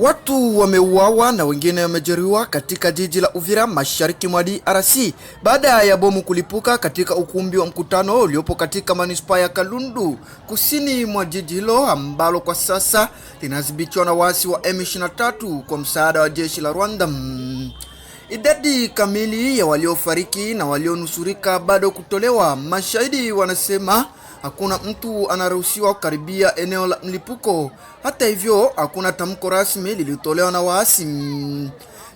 Watu wameuawa na wengine wamejeruhiwa katika jiji la Uvira mashariki mwa DRC baada ya bomu kulipuka katika ukumbi wa mkutano uliopo katika manispaa ya Kalundu kusini mwa jiji hilo ambalo kwa sasa linadhibitiwa na waasi wa M23 kwa msaada wa jeshi la Rwanda. Idadi kamili ya waliofariki na walionusurika bado kutolewa. Mashahidi wanasema hakuna mtu anaruhusiwa kukaribia eneo la mlipuko. Hata hivyo, hakuna tamko rasmi lilitolewa na waasi.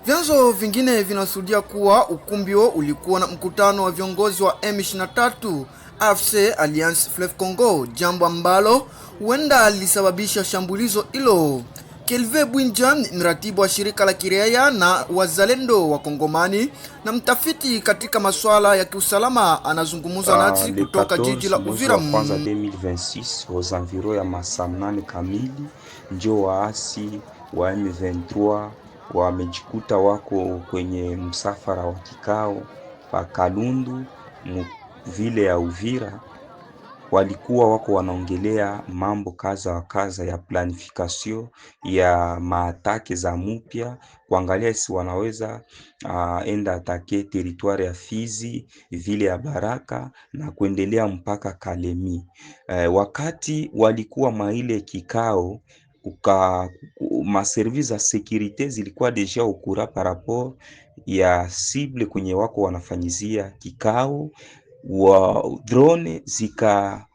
Vyanzo vingine vinasudia kuwa ukumbi huo ulikuwa na mkutano wa viongozi wa M23 AFC Alliance Fleuve Congo, jambo ambalo huenda lilisababisha shambulizo hilo. Kelve Bwinja ni mratibu wa shirika la kiraia na wazalendo wa Kongomani na mtafiti katika masuala ya kiusalama anazungumza ah, nasi kutoka jiji la Uvira. Kwanza 2026 aux environs ya masaa nane kamili ndio waasi wa M23 wamejikuta wako kwenye msafara wa kikao pa Kalundu vile ya Uvira walikuwa wako wanaongelea mambo kaza wa kaza ya planifikasio ya maatake za mupya, kuangalia si wanaweza uh, enda atake teritwari ya Fizi, vile ya Baraka na kuendelea mpaka Kalemi. E, wakati walikuwa maile kikao uka maservice za securite zilikuwa deja ukura par rapport ya sible kwenye wako wanafanyizia kikao wa drone zikaenda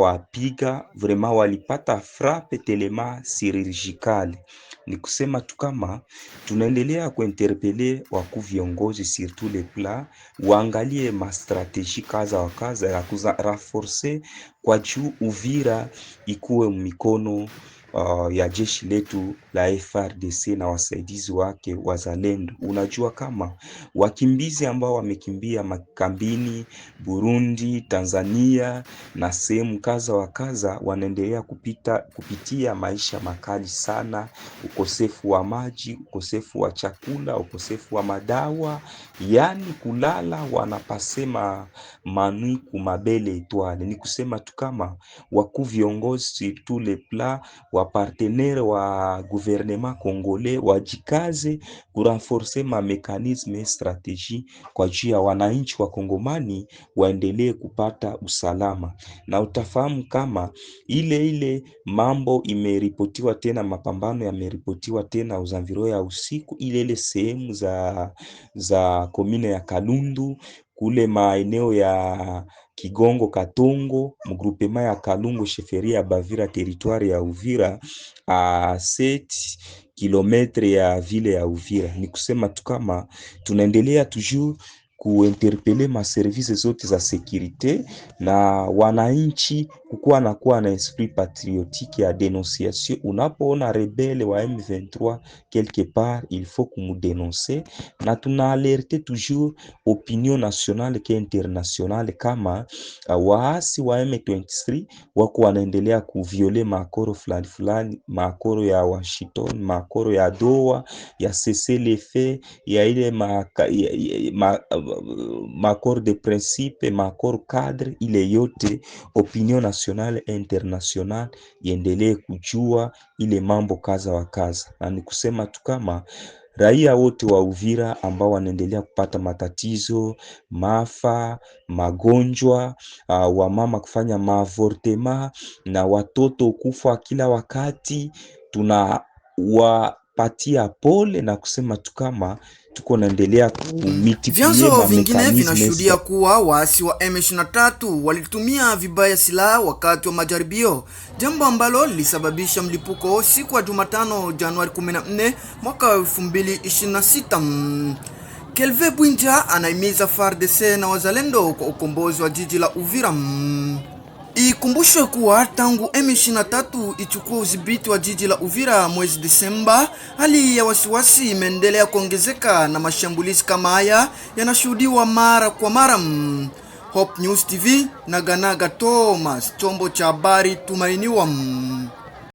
wapiga vrema, walipata frappe telema chirurgicale. Ni kusema tu kama tunaendelea kuinterpele waku viongozi sur tous les plans, waangalie mastrategie kaza wa kaza ya kuza renforcer kwa juu Uvira ikuwe mikono uh, ya jeshi letu la frdc na wasaidizi wake wazalendo. Unajua kama wakimbizi ambao wamekimbia makambini Burundi, Tanzania na sehemu kaza wa kaza wanaendelea kupita, kupitia maisha makali sana, ukosefu wa maji, ukosefu wa chakula, ukosefu wa madawa, yani kulala wanapasema manu kumabele etwale, ni kusema tu kama wakuu viongozi tule pla wapartenere wa guvernema kongole wajikaze kurenforce ma mekanisme strategie kwa juu ya wananchi wa Kongomani waendelee kupata usalama, na utafahamu kama ile ile mambo imeripotiwa tena, mapambano yameripotiwa tena uzanviro ya usiku ile ile sehemu za, za komine ya Kalundu kule maeneo ya Kigongo Katongo, mgrupema ya Kalungu, sheferia ya Bavira, teritwari ya Uvira a set kilometre ya vile ya Uvira. Ni kusema tu kama tunaendelea toujours kuinterpele maservise zote za sekurite na wananchi kukuwa nakuwa na esprit patriotique ya dénonciation. Unapoona rebele wa M23 quelque part, il faut kumudenonse, na alerté toujours opinion nationale ke internationale kama ah, waasi wa M23 wako wanaendelea kuviole makoro fulani fulani, makoro ya Washington, makoro ya Doha, ya cessez-le-feu, ya ma ah, maakoro de principe, maakoro cadre, ile yote opinion nationale national e international iendelee kujua ile mambo kaza wa kaza, na ni kusema tu kama raia wote wa Uvira ambao wanaendelea kupata matatizo, maafa, magonjwa, uh, ah, wamama kufanya maavortema na watoto kufa kila wakati, tunawapatia pole na kusema tu kama tuko naendelea kumiti. Vyanzo vingine vinashuhudia kuwa waasi wa M23 walitumia vibaya silaha wakati wa majaribio, jambo ambalo lilisababisha mlipuko siku ya Jumatano Januari 14 mwaka 2026. Kelve Bwinja anaimiza FARDC na wazalendo kwa ukombozi wa jiji la Uvira. Ikumbushwe kuwa tangu M23 ichukua udhibiti wa jiji la Uvira mwezi Desemba, hali ya wasiwasi imeendelea kuongezeka na mashambulizi kama haya yanashuhudiwa mara kwa mara. Hope News TV na Ganaga Thomas, chombo cha habari tumainiwa.